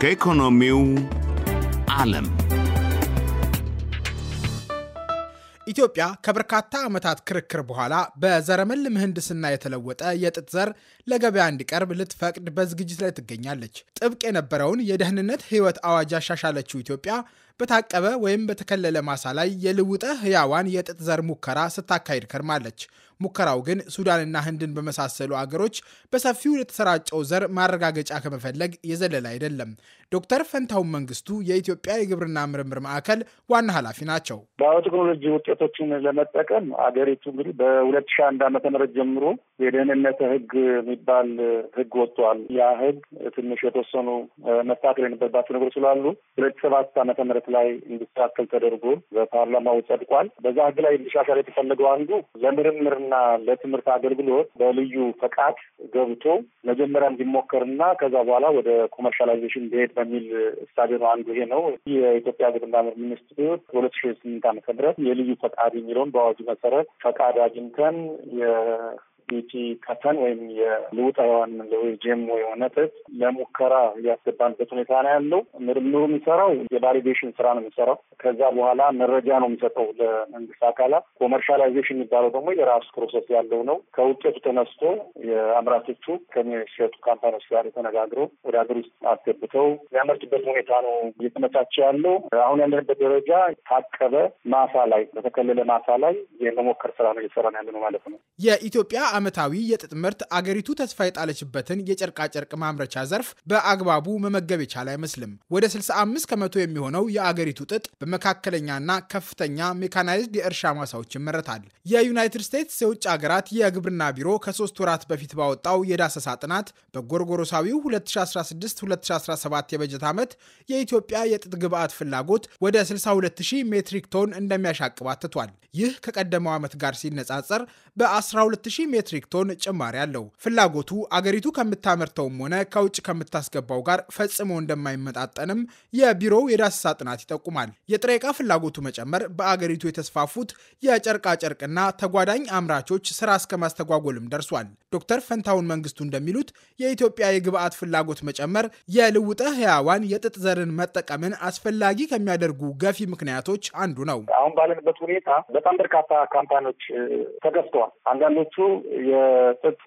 ከኢኮኖሚው ዓለም ኢትዮጵያ ከበርካታ ዓመታት ክርክር በኋላ በዘረመል ምህንድስና የተለወጠ የጥጥ ዘር ለገበያ እንዲቀርብ ልትፈቅድ በዝግጅት ላይ ትገኛለች። ጥብቅ የነበረውን የደህንነት ሕይወት አዋጅ ያሻሻለችው ኢትዮጵያ በታቀበ ወይም በተከለለ ማሳ ላይ የልውጠ ሕያዋን የጥጥ ዘር ሙከራ ስታካሂድ ከርማለች። ሙከራው ግን ሱዳንና ህንድን በመሳሰሉ አገሮች በሰፊው ለተሰራጨው ዘር ማረጋገጫ ከመፈለግ የዘለለ አይደለም። ዶክተር ፈንታውን መንግስቱ የኢትዮጵያ የግብርና ምርምር ማዕከል ዋና ኃላፊ ናቸው። ባዮቴክኖሎጂ ውጤቶችን ለመጠቀም አገሪቱ እንግዲህ በሁለት ሺህ አንድ ዓመተ ምህረት ጀምሮ የደህንነት ህግ የሚባል ህግ ወጥቷል። ያ ህግ ትንሽ የተወሰኑ መስተካከል የነበረባቸው ነገሮች ስላሉ ሁለት ሰባት ዓመተ ምህረት ላይ እንዲስተካከል ተደርጎ በፓርላማው ጸድቋል። በዛ ህግ ላይ እንዲሻሻል የተፈለገው አንዱ ለምርምርና ለትምህርት አገልግሎት በልዩ ፈቃድ ገብቶ መጀመሪያ እንዲሞከርና ከዛ በኋላ ወደ ኮመርሻላይዜሽን እንዲሄድ ከሚል እሳቤ ነው። አንዱ ይሄ ነው። የኢትዮጵያ ግብርና ሚኒስቴር በሁለት ሺ ስምንት ዓመተ ምህረት የልዩ ፈቃድ የሚለውን በአዋጁ መሰረት ፈቃድ አግኝተን ዩቲ ከተን ወይም የልውጣዋን ለጄሞ የሆነ ጥጥ ለሙከራ እያስገባንበት ሁኔታ ነው ያለው። ምርምሩ የሚሰራው የቫሊዴሽን ስራ ነው የሚሰራው። ከዛ በኋላ መረጃ ነው የሚሰጠው ለመንግስት አካላት። ኮመርሻላይዜሽን የሚባለው ደግሞ የራሱ ፕሮሰስ ያለው ነው። ከውጤቱ ተነስቶ የአምራቾቹ ከሚሸጡ ካምፓኒዎች ጋር የተነጋግረው ወደ ሀገር ውስጥ አስገብተው የሚያመርቱበት ሁኔታ ነው እየተመቻቸ ያለው። አሁን ያለንበት ደረጃ ታቀበ ማሳ ላይ በተከለለ ማሳ ላይ የመሞከር ስራ ነው እየሰራ ያለ ነው ማለት ነው። የኢትዮጵያ ዓመታዊ የጥጥ ምርት አገሪቱ ተስፋ የጣለችበትን የጨርቃጨርቅ ማምረቻ ዘርፍ በአግባቡ መመገብ የቻለ አይመስልም። ወደ 65 ከመቶ የሚሆነው የአገሪቱ ጥጥ በመካከለኛና ከፍተኛ ሜካናይዝድ የእርሻ ማሳዎች ይመረታል። የዩናይትድ ስቴትስ የውጭ ሀገራት የግብርና ቢሮ ከሶስት ወራት በፊት ባወጣው የዳሰሳ ጥናት በጎርጎሮሳዊው 2016-2017 የበጀት ዓመት የኢትዮጵያ የጥጥ ግብዓት ፍላጎት ወደ 62000 ሜትሪክ ቶን እንደሚያሻቅብ አትቷል። ይህ ከቀደመው ዓመት ጋር ሲነጻጸር በ12000 የሜትሪክ ቶን ጭማሪ አለው። ፍላጎቱ አገሪቱ ከምታመርተውም ሆነ ከውጭ ከምታስገባው ጋር ፈጽሞ እንደማይመጣጠንም የቢሮው የዳሰሳ ጥናት ይጠቁማል። የጥሬ ዕቃ ፍላጎቱ መጨመር በአገሪቱ የተስፋፉት የጨርቃ ተጓዳኝ አምራቾች ስራ እስከ ማስተጓጎልም ደርሷል። ዶክተር ፈንታውን መንግስቱ እንደሚሉት የኢትዮጵያ የግብአት ፍላጎት መጨመር የልውጠ ህያዋን የጥጥ ዘርን መጠቀምን አስፈላጊ ከሚያደርጉ ገፊ ምክንያቶች አንዱ ነው። አሁን ባለንበት ሁኔታ በጣም በርካታ ካምፓኒዎች ተገዝተዋል። አንዳንዶቹ የጥጥ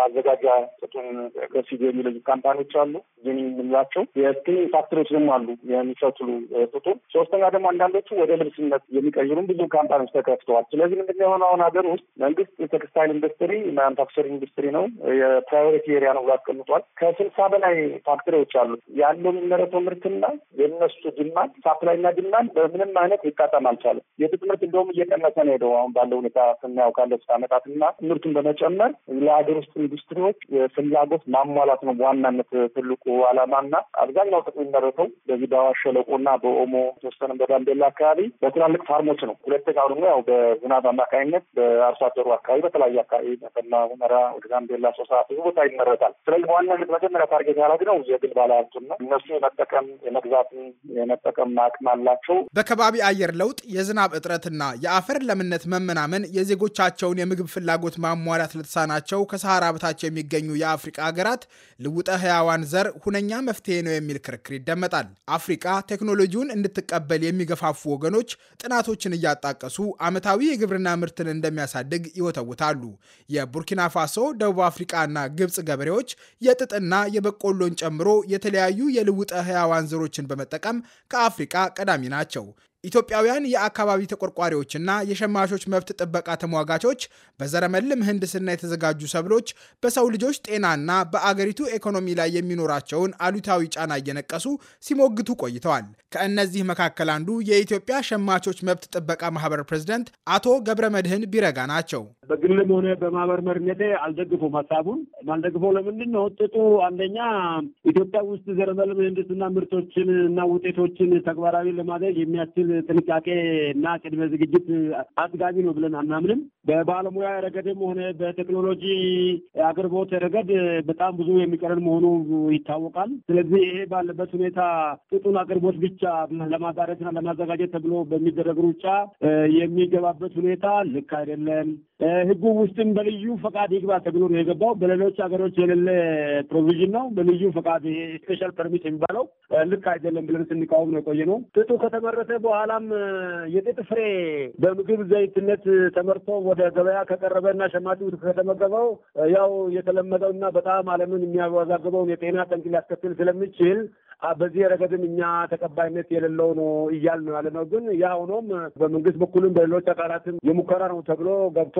ማዘጋጃ ጥጡን ገፊ የሚለዩ ካምፓኒዎች አሉ፣ ግን የምንላቸው የስፒኒንግ ፋክተሪዎች ደግሞ አሉ የሚፈትሉ ጥጡን። ሶስተኛ ደግሞ አንዳንዶቹ ወደ ልብስነት የሚቀይሩም ብዙ ካምፓኒዎች ተከፍተዋል። ስለዚህ ምንድነው የሆነ አሁን ሀገር ውስጥ መንግስት የቴክስታይል ኢንዱስትሪ ማኑፋክቸሪንግ ኢንዱስትሪ ነው፣ የፕራዮሪቲ ኤሪያ ነው ብሎ አስቀምጧል። ከስልሳ በላይ ፋክተሪዎች አሉት። ያለው የሚመረተው ምርትና የነሱ ድማንድ ሳፕላይና ድማን በምንም አይነት ሊጣጣም አልቻለም። የጥጥ ምርት እንደውም እየቀነሰ ነው ሄደው አሁን ባለው ሁኔታ ስናየው ካለፉት ዓመታትና ምርቱን በመጨመር ለሀገር ውስጥ ኢንዱስትሪዎች ፍላጎት ማሟላት ነው በዋናነት ትልቁ አላማና አብዛኛው ጥጥ የሚመረተው በዚህ በአዋሽ ሸለቆና በኦሞ ተወሰነ በጋምቤላ አካባቢ በትላልቅ ፋርሞች ነው። ሁለተኛው ደግሞ ያው በዝናብ አማካኝነት በአርሶ አደሩ አካባቢ በተለያዩ አካባቢ መተማ፣ ሁመራ፣ ወደ ጋምቤላ ሶሳ ብዙ ቦታ ይመረታል። ስለዚህ በዋናነት መጀመሪያ ታርጌት ያደረግነው የግል ባለሀብቱን ነው። እነሱ የመጠቀም የመግዛትን የመጠቀም አቅም አላቸው። በከባቢ አየር ለውጥ፣ የዝናብ እጥረትና የአፈር ለምነት መመናመን የዜጎቻቸውን የምግብ ፍላጎት ማሟላት ለተሳናቸው ከሰሃራ በታች የሚገኙ የአፍሪቃ ሀገራት ልውጠ ህያዋን ዘር ሁነኛ መፍትሄ ነው የሚል ክርክር ይደመጣል። አፍሪቃ ቴክኖሎጂውን እንድትቀበል የሚገፋፉ ወገኖች ጥናቶችን እያጣቀሱ ዓመታዊ የግብርና ምርትን እንደሚያሳድግ ይወተውታሉ። የቡርኪና ፋሶ ደቡብ አፍሪቃና ግብፅ ገበሬዎች የጥጥና የበቆሎን ጨምሮ የተለያዩ የልውጠ ህያዋን ዘሮችን በመጠቀም ከአፍሪቃ ቀዳሚ ናቸው። ኢትዮጵያውያን የአካባቢ ተቆርቋሪዎችና የሸማቾች መብት ጥበቃ ተሟጋቾች በዘረመል ምህንድስና የተዘጋጁ ሰብሎች በሰው ልጆች ጤናና በአገሪቱ ኢኮኖሚ ላይ የሚኖራቸውን አሉታዊ ጫና እየነቀሱ ሲሞግቱ ቆይተዋል። ከእነዚህ መካከል አንዱ የኢትዮጵያ ሸማቾች መብት ጥበቃ ማህበር ፕሬዝደንት አቶ ገብረ መድህን ቢረጋ ናቸው። በግልም ሆነ በማህበር መሪነቴ አልደግፎም ሀሳቡን ማልደግፈው ለምንድን ነው? ጥጡ አንደኛ ኢትዮጵያ ውስጥ ዘረመል ምህንድስና ምርቶችን እና ውጤቶችን ተግባራዊ ለማድረግ የሚያስችል ጥንቃቄ እና ቅድመ ዝግጅት አጥጋቢ ነው ብለን አናምንም። በባለሙያ ረገድም ሆነ በቴክኖሎጂ አቅርቦት ረገድ በጣም ብዙ የሚቀረን መሆኑ ይታወቃል። ስለዚህ ይሄ ባለበት ሁኔታ ጥጡን አቅርቦት ብቻ ለማጣረትና ለማዘጋጀት ተብሎ በሚደረግ ሩጫ የሚገባበት ሁኔታ ልክ አይደለም። ህጉ ውስጥም በልዩ ፈቃድ ይግባ ተብሎ ነው የገባው። በሌሎች ሀገሮች የሌለ ፕሮቪዥን ነው። በልዩ ፈቃድ ስፔሻል ፐርሚት የሚባለው ልክ አይደለም ብለን ስንቃወም ነው የቆየ ነው። ጥጡ ከተመረተ በኋላም የጥጥ ፍሬ በምግብ ዘይትነት ተመርቶ ወደ ገበያ ከቀረበ እና ሸማቹ ከተመገበው ያው የተለመደው እና በጣም ዓለምን የሚያወዛግበውን የጤና ጠንቅ ሊያስከትል ስለሚችል በዚህ ረገድም እኛ ተቀባይነት የሌለው ነው እያል ነው ያለ ነው። ግን ያ ሆኖም በመንግስት በኩልም በሌሎች አካላትም የሙከራ ነው ተብሎ ገብቶ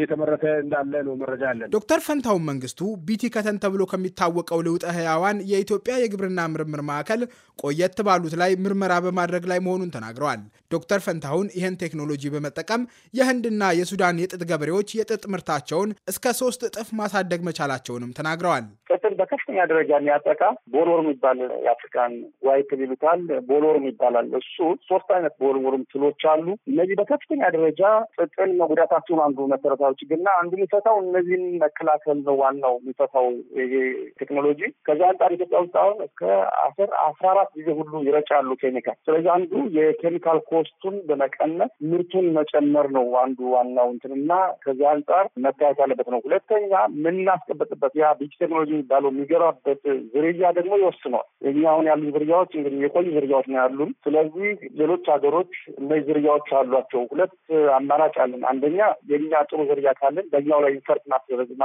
የተመረተ እንዳለ ነው መረጃ ያለን። ዶክተር ፈንታውን መንግስቱ ቢቲ ከተን ተብሎ ከሚታወቀው ልውጠ ህያዋን የኢትዮጵያ የግብርና ምርምር ማዕከል ቆየት ባሉት ላይ ምርመራ በማድረግ ላይ መሆኑን ተናግረዋል። ዶክተር ፈንታሁን ይህን ቴክኖሎጂ በመጠቀም የህንድና የሱዳን የጥጥ ገበሬዎች የጥጥ ምርታቸውን እስከ ሶስት እጥፍ ማሳደግ መቻላቸውንም ተናግረዋል። ጥጥን በከፍተኛ ደረጃ የሚያጠቃ ቦሎር የሚባል አፍሪካን ዋይት ይሉታል፣ ቦሎርም ይባላል። እሱ ሶስት አይነት ቦሎርም ትሎች አሉ። እነዚህ በከፍተኛ ደረጃ ጥጥን መጉዳታቸውን አንዱ መሰረታዊ ችግርና አንዱ የሚፈታው እነዚህን መከላከል ነው ዋናው የሚፈታው ይሄ ቴክኖሎጂ። ከዚ አንጻር ኢትዮጵያ ውስጥ አሁን እስከ አስር አስራ አራት ጊዜ ሁሉ ይረጫሉ ኬሚካል። ስለዚህ አንዱ የኬሚካል ኮስቱን በመቀነስ ምርቱን መጨመር ነው አንዱ ዋናው እንትንና ከዚ አንጻር መታየት ያለበት ነው። ሁለተኛ የምናስቀበጥበት ያ ቢጅ ቴክኖሎጂ የሚባለው የሚገባበት ዝርያ ደግሞ ይወስነዋል። አሁን ያሉ ዝርያዎች እንግዲህ የቆዩ ዝርያዎች ነው ያሉን። ስለዚህ ሌሎች ሀገሮች እነዚህ ዝርያዎች አሏቸው። ሁለት አማራጭ አለን። አንደኛ የኛ ጥሩ ዝርያ ካለን በኛው ላይ ኢንሰርት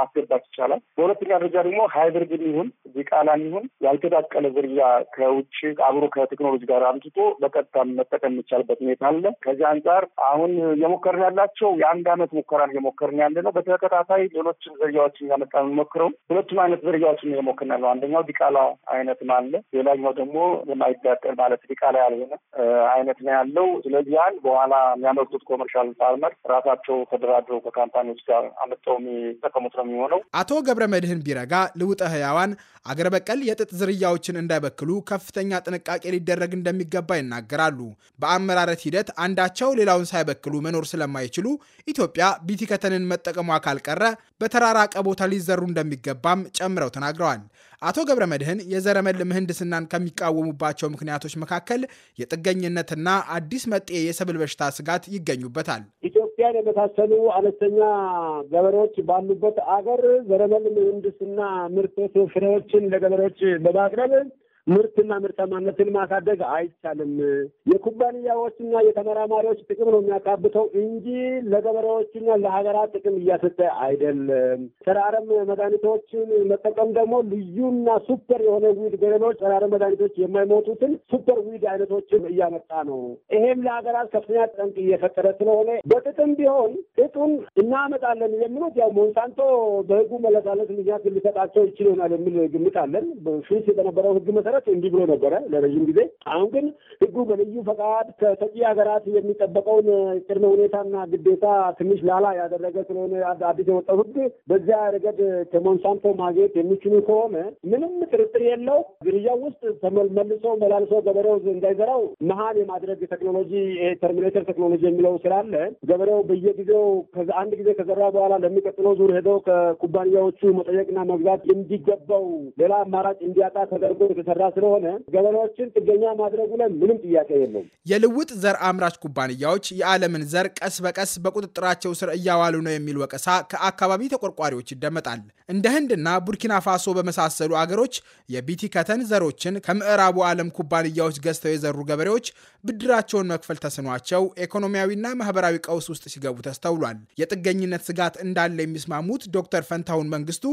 ማስገባት ይቻላል። በሁለተኛ ደረጃ ደግሞ ሃይብሪድ ይሁን ዚቃላ ይሁን ያልተዳቀለ ዝርያ ከውጭ አብሮ ከቴክኖሎጂ ጋር አምጥቶ በቀጥታ መጠቀም የሚቻልበት ሁኔታ አለ። ከዚህ አንጻር አሁን እየሞከርን ያላቸው የአንድ አመት ሙከራ እየሞከርን ያለ ነው። በተከታታይ ሌሎችን ዝርያዎችን እያመጣ የምንሞክረው ሁለቱም አይነት ዝርያዎችን እየሞከርን ያለው አንደኛው ዲቃላ አይነትም አለ ሌላ ሌላኛው ደግሞ የማይጋጠል ማለት ሊቃላ ያልሆነ አይነት ነው ያለው። ስለዚህ አንድ በኋላ የሚያመርቱት ኮመርሻል ፋርመር ራሳቸው ተደራድረው ከካምፓኒዎች ጋር አምጠው የሚጠቀሙት ነው የሚሆነው። አቶ ገብረ መድህን ቢረጋ ልውጠ ህያዋን አገር በቀል የጥጥ ዝርያዎችን እንዳይበክሉ ከፍተኛ ጥንቃቄ ሊደረግ እንደሚገባ ይናገራሉ። በአመራረት ሂደት አንዳቸው ሌላውን ሳይበክሉ መኖር ስለማይችሉ ኢትዮጵያ ቢቲከተንን መጠቀሟ ካልቀረ በተራራቀ ቦታ ሊዘሩ እንደሚገባም ጨምረው ተናግረዋል። አቶ ገብረ መድህን የዘረመል ምህንድስናን ከሚቃወሙባቸው ምክንያቶች መካከል የጥገኝነትና አዲስ መጤ የሰብል በሽታ ስጋት ይገኙበታል። ኢትዮጵያን የመሳሰሉ አነስተኛ ገበሬዎች ባሉበት አገር ዘረመል ምህንድስና ምርቶች ፍሬዎችን ለገበሬዎች በማቅረብ ምርትና ምርታማነትን ማሳደግ አይቻልም። የኩባንያዎችና የተመራማሪዎች ጥቅም ነው የሚያካብተው እንጂ ለገበሬዎችና ለሀገራት ጥቅም እያሰጠ አይደለም። ጸረ አረም መድኃኒቶችን መጠቀም ደግሞ ልዩና ሱፐር የሆነ ዊድ ገበሬዎች ጸረ አረም መድኃኒቶች የማይሞቱትን ሱፐር ዊድ አይነቶችን እያመጣ ነው። ይሄም ለሀገራት ከፍተኛ ጠንቅ እየፈጠረ ስለሆነ በጥቅም ቢሆን እጡን እናመጣለን የሚሉት ያው ሞንሳንቶ በህጉ መለሳለስ ምክንያት ሊሰጣቸው ይችል ይሆናል የሚል ግምት አለን። ፊት በነበረው ህግ መሰረት መሰረት እንዲህ ብሎ ነበረ ለረዥም ጊዜ። አሁን ግን ህጉ በልዩ ፈቃድ ከተቂ ሀገራት የሚጠበቀውን ቅድመ ሁኔታና ግዴታ ትንሽ ላላ ያደረገ ስለሆነ አዲስ የወጣው ህግ በዚያ ረገድ ከሞንሳንቶ ማግኘት የሚችሉ ከሆነ ምንም ጥርጥር የለው ግርያው ውስጥ መልሶ መላልሶ ገበሬው እንዳይዘራው መሀል የማድረግ ቴክኖሎጂ ተርሚኔተር ቴክኖሎጂ የሚለው ስላለ ገበሬው በየጊዜው አንድ ጊዜ ከዘራ በኋላ ለሚቀጥለው ዙር ሄደው ከኩባንያዎቹ መጠየቅና መግዛት እንዲገባው ሌላ አማራጭ እንዲያጣ ተደርጎ የተሰራ ስለሆነ ገበሬዎችን ጥገኛ ማድረጉ ላይ ምንም ጥያቄ የለውም። የልውጥ ዘር አምራች ኩባንያዎች የዓለምን ዘር ቀስ በቀስ በቁጥጥራቸው ስር እያዋሉ ነው የሚል ወቀሳ ከአካባቢ ተቆርቋሪዎች ይደመጣል። እንደ ህንድና ቡርኪና ፋሶ በመሳሰሉ አገሮች የቢቲ ከተን ዘሮችን ከምዕራቡ ዓለም ኩባንያዎች ገዝተው የዘሩ ገበሬዎች ብድራቸውን መክፈል ተስኗቸው ኢኮኖሚያዊና ማህበራዊ ቀውስ ውስጥ ሲገቡ ተስተውሏል። የጥገኝነት ስጋት እንዳለ የሚስማሙት ዶክተር ፈንታሁን መንግስቱ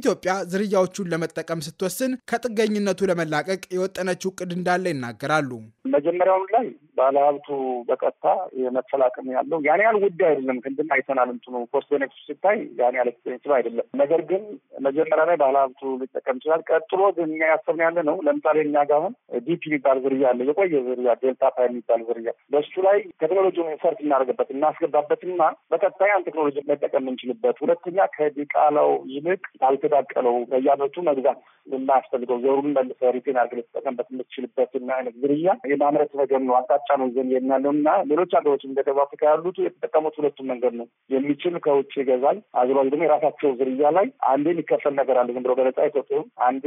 ኢትዮጵያ ዝርያዎቹን ለመጠቀም ስትወስን ከጥገኝነቱ ለመላ ለማላቀቅ የወጠነችው እቅድ እንዳለ ይናገራሉ። መጀመሪያውም ላይ ባለሀብቱ በቀጥታ የመክፈል አቅም ያለው ያን ያህል ውድ አይደለም። ክንድና አይተናል። እንትኑ ኮስት ቤኔፊት ሲታይ ያን ያህል ኤክስፔንሲቭ አይደለም። ነገር ግን መጀመሪያ ላይ ባለሀብቱ ሊጠቀም ይችላል። ቀጥሎ ግን እኛ ያሰብን ያለ ነው። ለምሳሌ እኛ ጋር አሁን ዲፒ የሚባል ዝርያ አለ፣ የቆየ ዝርያ ዴልታ ፓ የሚባል ዝርያ። በሱ ላይ ቴክኖሎጂውን ሰርት እናደርግበት እናስገባበትና በቀጣይ ያን ቴክኖሎጂ መጠቀም የምንችልበት፣ ሁለተኛ ከዲቃላው ይልቅ ያልተዳቀለው በየአመቱ መግዛት የማያስፈልገው ዘሩን መልሰ ሪቴ ዲዛይኖችን አድርገህ ልትጠቀምበት የምትችልበትና አይነት ዝርያ የማምረት ነገር ነው። አቅጣጫ ነው ይዘን የናለው እና ሌሎች ሀገሮች እንደ ደቡብ አፍሪካ ያሉት የተጠቀሙት ሁለቱም መንገድ ነው። የሚችል ከውጭ ይገዛል። አዝሯጅ ደግሞ የራሳቸው ዝርያ ላይ አንዴ የሚከፈል ነገር አለ። ዝም ብሎ በነጻ አይሰጡም። አንዴ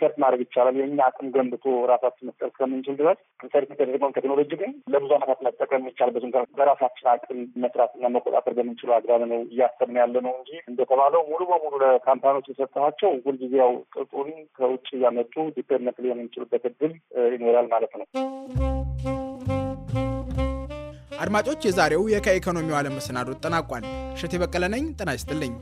ሰርት ማድረግ ይቻላል። የኛ አቅም ገንብቶ ራሳችን መፍጠር እስከምንችል ድረስ ሰርት የተደረገውን ቴክኖሎጂ ግን ለብዙ ዓመታት መጠቀም ይቻልበት በራሳችን አቅም መስራትና መቆጣጠር በምንችሉ አግባብ ነው እያሰብን ያለ ነው እንጂ እንደተባለው ሙሉ በሙሉ ለካምፓኒዎች የሰጠኋቸው ሁልጊዜ ያው ቅጡን ከውጭ እያመጡ ዲፔንድ ተጠያቂ ሊሆን የሚችሉበት እድል ይኖራል ማለት ነው። አድማጮች፣ የዛሬው የከኢኮኖሚው ዓለም መሰናዶ ተጠናቋል። እሸቴ በቀለ ነኝ። ጤና ይስጥልኝ።